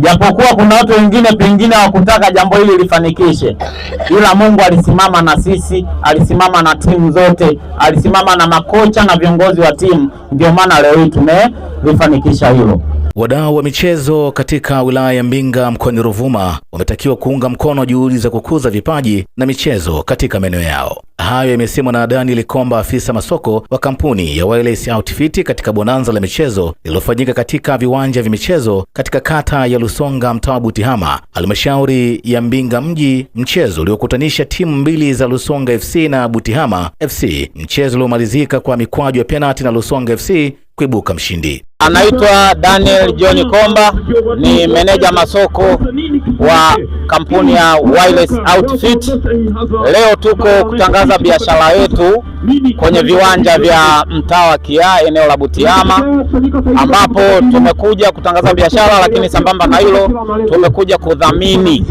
japokuwa kuna watu wengine pengine hawakutaka jambo hili lifanikishe, ila Mungu alisimama na sisi, alisimama na timu zote, alisimama na makocha na viongozi wa timu. Ndio maana leo hii tumelifanikisha hilo. Wadau wa michezo katika wilaya ya Mbinga mkoani Ruvuma wametakiwa kuunga mkono juhudi za kukuza vipaji na michezo katika maeneo yao. Hayo yamesemwa na Daniel Komba, afisa masoko wa kampuni ya Wireless Outfit katika bonanza la michezo lililofanyika katika viwanja vya michezo katika kata ya Lusonga, mtaa wa Butihama, halmashauri ya Mbinga mji, mchezo uliokutanisha timu mbili za Lusonga FC na Butihama FC, mchezo uliomalizika kwa mikwaju ya penalti na Lusonga FC kuibuka mshindi. Anaitwa Daniel John Komba, ni meneja masoko wa kampuni ya Wireless Outfit. Leo tuko kutangaza biashara yetu kwenye viwanja vya mtaa wa Kiaa, eneo la Butiama ambapo tumekuja kutangaza biashara, lakini sambamba na hilo tumekuja kudhamini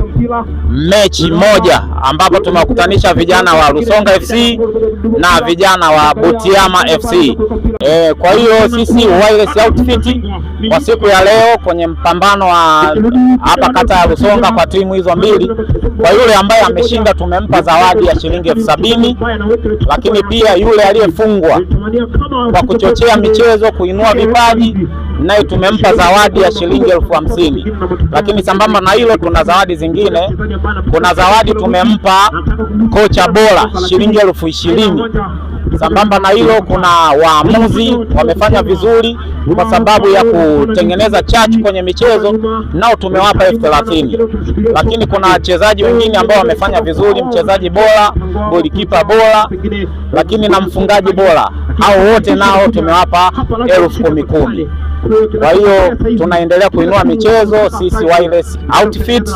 mechi moja ambapo tumewakutanisha vijana wa Lusonga FC na vijana wa Butiama FC. E, kwa hiyo sisi Wireless Outfit kwa siku ya leo kwenye mpambano wa hapa kata ya Lusonga kwa timu hizo mbili, kwa yule ambaye ameshinda tumempa zawadi ya shilingi elfu sabini lakini pia yule aliyefungwa kwa kuchochea michezo kuinua vipi mbalimbali, naye tumempa zawadi ya shilingi elfu hamsini. Lakini sambamba na hilo, tuna zawadi zingine. Kuna zawadi tumempa kocha bora shilingi elfu ishirini Sambamba na hilo, kuna waamuzi wamefanya vizuri kwa sababu ya kutengeneza chachu kwenye michezo, nao tumewapa elfu thelathini. Lakini kuna wachezaji wengine ambao wamefanya vizuri, mchezaji bora, golikipa bora, lakini na mfungaji bora, au wote nao tumewapa elfu kumi kumi. Kwa hiyo tunaendelea kuinua michezo sisi Wireless Outfit,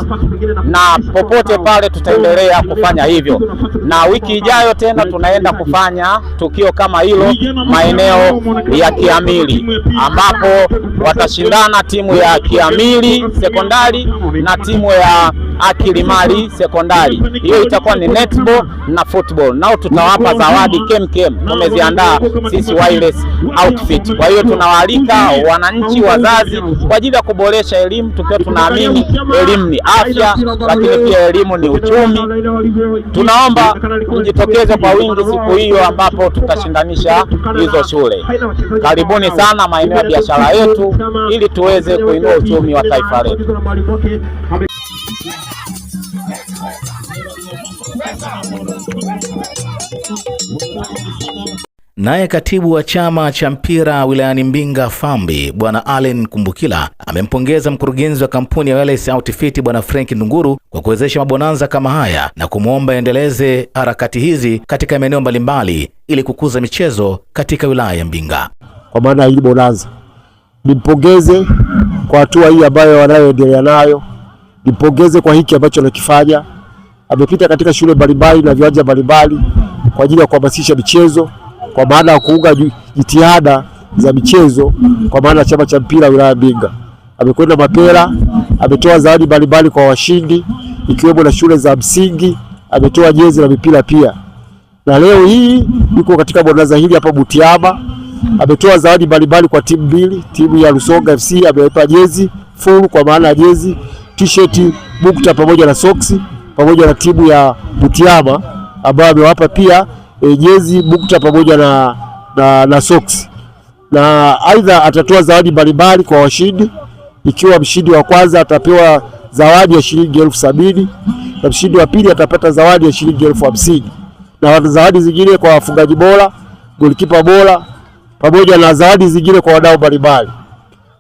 na popote pale tutaendelea kufanya hivyo, na wiki ijayo tena tunaenda kufanya tukio kama hilo maeneo ya Kiamili, ambapo watashindana timu ya Kiamili sekondari na timu ya Akilimali Sekondari. Hiyo itakuwa ni netball na football, nao tutawapa zawadi kemkem, tumeziandaa sisi wireless outfit. Kwa hiyo tunawaalika wananchi, wazazi kwa ajili ya kuboresha elimu, tukiwa tunaamini elimu ni afya, lakini pia elimu ni uchumi. Tunaomba mjitokeze kwa wingi siku hiyo ambapo tutashindanisha hizo shule. Karibuni sana maeneo ya biashara yetu, ili tuweze kuinua uchumi wa taifa letu. Naye katibu wa chama cha mpira wilayani Mbinga Fambi Bwana Allen Kumbukila amempongeza mkurugenzi wa kampuni ya Wireless Outfit Bwana Frank Ndunguru kwa kuwezesha mabonanza kama haya na kumwomba endeleze harakati hizi katika maeneo mbalimbali ili kukuza michezo katika wilaya ya Mbinga. Kwa maana hili bonanza, nimpongeze kwa hatua hii ambayo wanayoendelea nayo, nimpongeze kwa hiki ambacho anakifanya amepita katika shule mbalimbali na viwanja mbalimbali kwa ajili ya kuhamasisha michezo kwa maana ya kuunga jitihada za michezo kwa maana chama cha mpira wilaya Mbinga. Amekwenda Mapera, ametoa zawadi mbalimbali kwa washindi ikiwemo na shule za msingi, ametoa jezi na mipira pia. Na leo hii yuko katika bonanza hili hapa Butiama, ametoa zawadi mbalimbali kwa timu mbili. Timu ya Lusonga FC amewapa jezi full kwa maana ya jezi, t-shirt, bukta pamoja na soksi pamoja na timu ya Butiama ambayo amewapa pia e, jezi bukta pamoja na, na, na socks na aidha atatoa zawadi mbalimbali kwa washindi, ikiwa mshindi wa kwanza atapewa zawadi ya shilingi elfu sabini na mshindi wa pili atapata zawadi ya shilingi elfu hamsini na zawadi zingine kwa wafungaji bora, golikipa bora pamoja na zawadi zingine kwa wadau mbalimbali.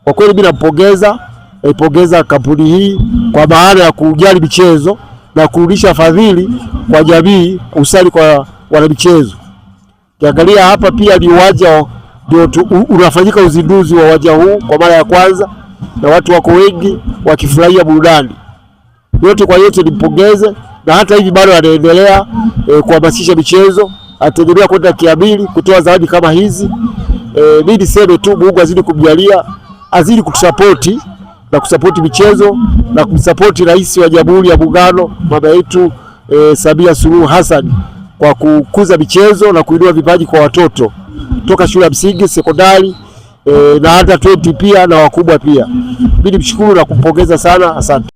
Kwa kweli mimi nampongeza, naipongeza kampuni hii kwa maana ya kujali michezo na kurudisha fadhili kwa jamii, usali kwa wanamichezo. kiangalia hapa pia ni uwanja ndio unafanyika uzinduzi wa uwanja huu kwa mara ya kwanza, na watu wako wengi wakifurahia burudani. Yote kwa yote nimpongeze, na hata hivi bado anaendelea e, kuhamasisha michezo, anategemea kwenda kiabili kutoa zawadi kama hizi. E, mi niseme tu Mungu azidi kumjalia, azidi kutusapoti na kusapoti michezo na kumsapoti Rais wa Jamhuri ya Muungano mama yetu e, Samia Suluhu Hassan kwa kukuza michezo na kuinua vipaji kwa watoto toka shule ya msingi, sekondari e, na hata 20 pia na wakubwa pia. Mimi nimshukuru na kumpongeza sana, asante.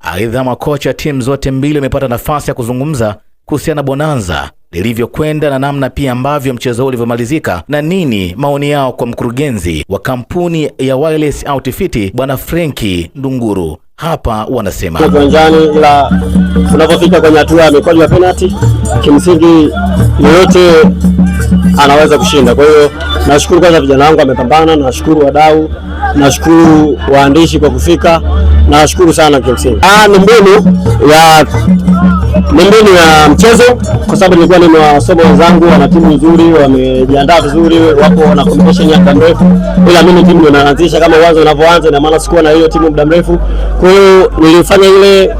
Aidha, makocha timu zote mbili wamepata nafasi ya kuzungumza kuhusiana na bonanza lilivyokwenda na namna pia ambavyo mchezo huo ulivyomalizika, na nini maoni yao kwa mkurugenzi wa kampuni ya Wireless Outfit Bwana Frenki Ndunguru. Hapa wanasema uwanjani, ila tunapofika kwenye hatua ya mikwaju ya penalti, kimsingi yoyote anaweza kushinda, kwa hiyo Nashukuru kwanza vijana wangu wamepambana, nashukuru wadau, nashukuru waandishi kwa kufika, nashukuru sana kiuksini. Ah, ni mbinu ya ni mbinu ya mchezo kwa sababu nilikuwa nimewasoma wenzangu, wana timu nzuri, wamejiandaa vizuri, wapo na competition ya mrefu, ila mimi timu ndio naanzisha kama wazo unavyoanza, na maana sikuwa na hiyo timu muda mrefu, kwa hiyo nilifanya ile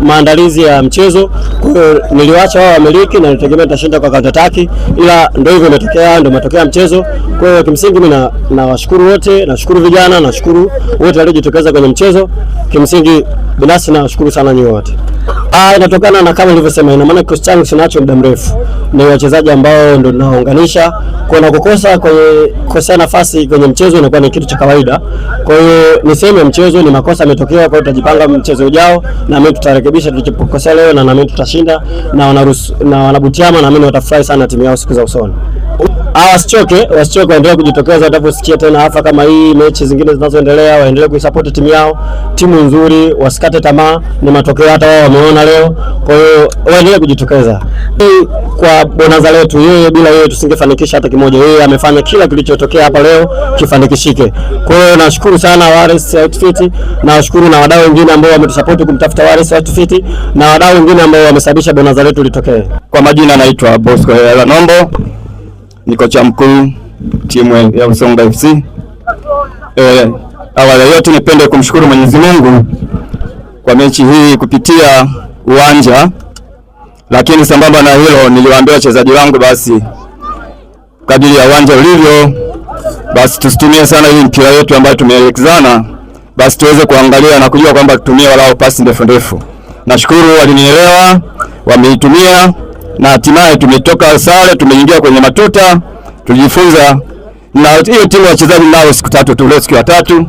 maandalizi ya mchezo. Kwa hiyo niliwacha wao wamiliki na nitegemea tutashinda kwa counter-attack, ila ndio hivyo imetokea, ndio matokeo ya mchezo. Kwa hiyo kimsingi mimi nawashukuru wote, nashukuru vijana, nashukuru wote waliojitokeza kwenye mchezo. Kimsingi binafsi nawashukuru sana nyinyi wote. Ah, inatokana na kama nilivyosema, ina maana kikosi changu sinacho muda mrefu, ni wachezaji ambao ndio tunaunganisha kwa na kukosa kwenye kukosea nafasi kwenye mchezo inakuwa ni kitu cha kawaida. Kwa hiyo ni sehemu ya mchezo, ni makosa yametokea, kwa hiyo tutajipanga mchezo ujao, na mimi tutarekebisha tulichokosea leo, na na mimi tutashinda, na wanaruhusu na wanabutiama, na mimi watafurahi sana timu yao siku za usoni. Ah, wasichoke, wasichoke, waendelee kujitokeza watakaposikia tena hasa kama hii mechi zingine zinazoendelea, waendelee kuisupport timu yao. Timu nzuri, wasikate tamaa, ni matokeo hata wao wameona leo. Kwa hiyo waendelee kujitokeza kwa bonanza letu. Yeye bila yeye tusingefanikisha hata kimoja. Yeye amefanya kila kilichotokea hapa leo kifanikishike. Kwa hiyo nashukuru sana Wallace Outfit, na nawashukuru na wadau wengine ambao wametusupport kumtafuta Wallace Outfit na wadau wengine ambao wamesababisha bonanza letu litokee. Kwa majina naitwa Bosco Hela Nombo ni kocha mkuu timu ya Usonga FC. Eh, awali yote nipende kumshukuru Mwenyezi Mungu kwa mechi hii kupitia uwanja, lakini sambamba na hilo niliwaambia wachezaji wangu basi kadiri ya uwanja ulivyo basi tusitumie sana hii mpira yetu ambayo tumeelekezana, basi tuweze kuangalia na kujua kwamba tutumie walau pasi ndefu ndefu. Nashukuru walinielewa, wameitumia na hatimaye tumetoka sare, tumeingia kwenye matuta, tulijifunza na hiyo timu wachezaji nao siku tatu tu, leo siku ya tatu,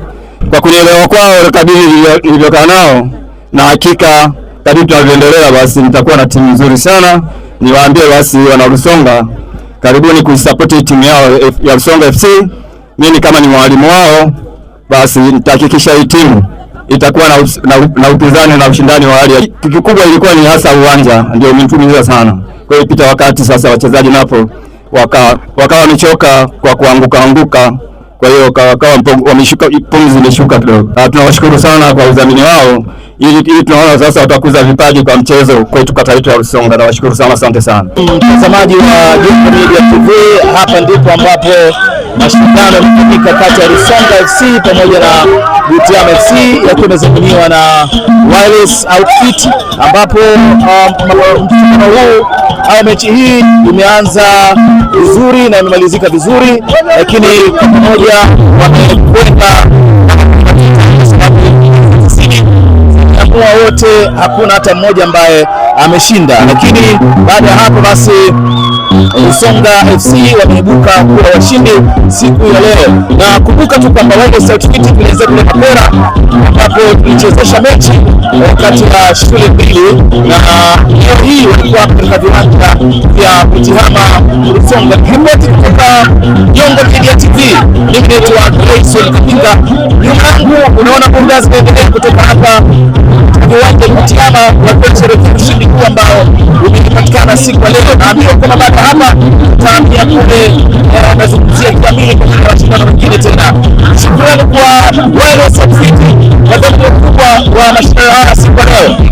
kwa kunielewa kwao kabili nilivyokaa nao, na hakika kadri tunavyoendelea, basi nitakuwa na timu nzuri sana. Niwaambie basi wana Rusonga, karibuni kuisapoti timu yao ya Rusonga FC. Mimi kama ni mwalimu wao, basi nitahakikisha hii timu itakuwa na, na, na upinzani na ushindani wa hali. ya Kikubwa ilikuwa ni hasa uwanja ndio umetumiza sana. Kwa ipita wakati sasa wachezaji napo wakawa waka wamechoka kwa kuanguka anguka, kwa hiyo wakawa wameshuka pumzi zimeshuka kidogo. Ah, tunawashukuru sana kwa udhamini wao, ili ili tunaona sasa watakuza vipaji kwa mchezo kwetu kata yetu ya Rusonga. Nawashukuru sana, asante sana mtazamaji wa Jumbe Media TV. Hapa ndipo ambapo mashindano yalifanyika kati ya Rusanga FC pamoja na Butiama FC yakiwa yamezaminiwa na Wireless Outfit, ambapo mchuano um, huu au mechi hii imeanza vizuri na imemalizika vizuri, lakini kwa pamoja wamekwenda wote, hakuna hata mmoja ambaye ameshinda, lakini baada ya hapo basi Mm-hmm. Songwe FC wameibuka kuwa washindi siku ya leo, na kumbuka tu kwamba Wydad Athletic tulianza kule Mapera ambapo tulichezesha mechi kati ya shule mbili, na leo hii walikuwa katika viwanja vya Butihama Songwe. Ripoti kutoka Jongo Media TV, mimi naitwa Grayson Kapinga, nyuma yangu unaona kuangaza zinaendelea kutoka hapa viwanja Butihama, wakiwa kusherekea ushindi huu ambao sana siku ya leo, naambiwa kuna baada hapa ya kule anazungumzia eh, kamili katika mashindano mengine tena. Shukrani kwa wale wasafiri wadhamini wakubwa wa mashindano haya siku ya leo.